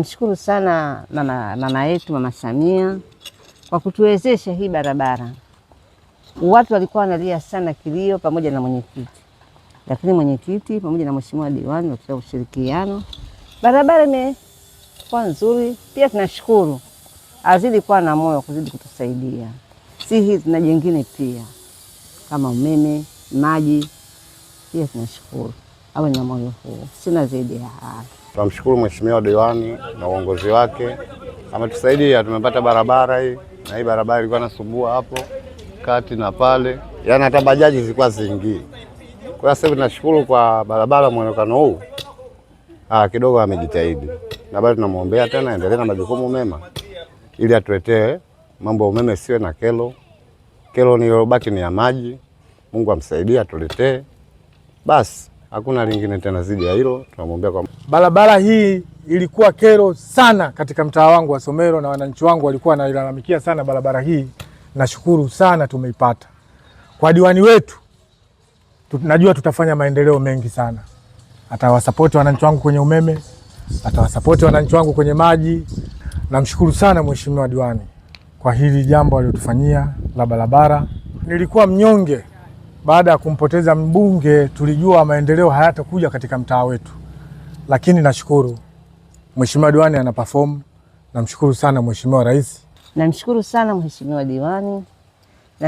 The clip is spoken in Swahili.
Mshukuru sana mama, mama yetu Mama Samia kwa kutuwezesha hii barabara. Watu walikuwa wanalia sana kilio, pamoja na mwenyekiti, lakini mwenyekiti pamoja na mheshimiwa diwani wakiwa ushirikiano, barabara imekuwa nzuri. Pia tunashukuru azidi kuwa na moyo kuzidi kutusaidia, si hizi na jingine pia kama umeme, maji, pia tunashukuru awe na moyo huo. sina zaidi ya hayo. Tunamshukuru mheshimiwa diwani na uongozi wake, ametusaidia tumepata barabara hii, na hii barabara ilikuwa nasumbua hapo kati na pale, yaani hata bajaji zilikuwa ziingii. Kwa hiyo sasa tunashukuru kwa barabara mwonekano huu, ah, kidogo amejitahidi, na bado tunamwombea tena endelee na majukumu mema, ili atuletee mambo ya umeme, siwe na kelo. Kelo nilobaki ni ya maji. Mungu amsaidie atuletee basi hakuna lingine tena zidi ya hilo. Tunamwambia kwa barabara hii ilikuwa kero sana katika mtaa wangu wa Somero, na wananchi wangu walikuwa wanailalamikia sana barabara hii. Nashukuru sana tumeipata kwa diwani wetu, najua tutafanya maendeleo mengi sana. Atawasapoti wananchi wangu kwenye umeme, atawasapoti wananchi wangu kwenye maji. Namshukuru sana mheshimiwa diwani kwa hili jambo aliotufanyia la barabara. Nilikuwa mnyonge baada ya kumpoteza mbunge tulijua maendeleo hayatakuja katika mtaa wetu, lakini nashukuru mheshimiwa diwani ana perform. Namshukuru sana mheshimiwa rais, namshukuru sana mheshimiwa diwani.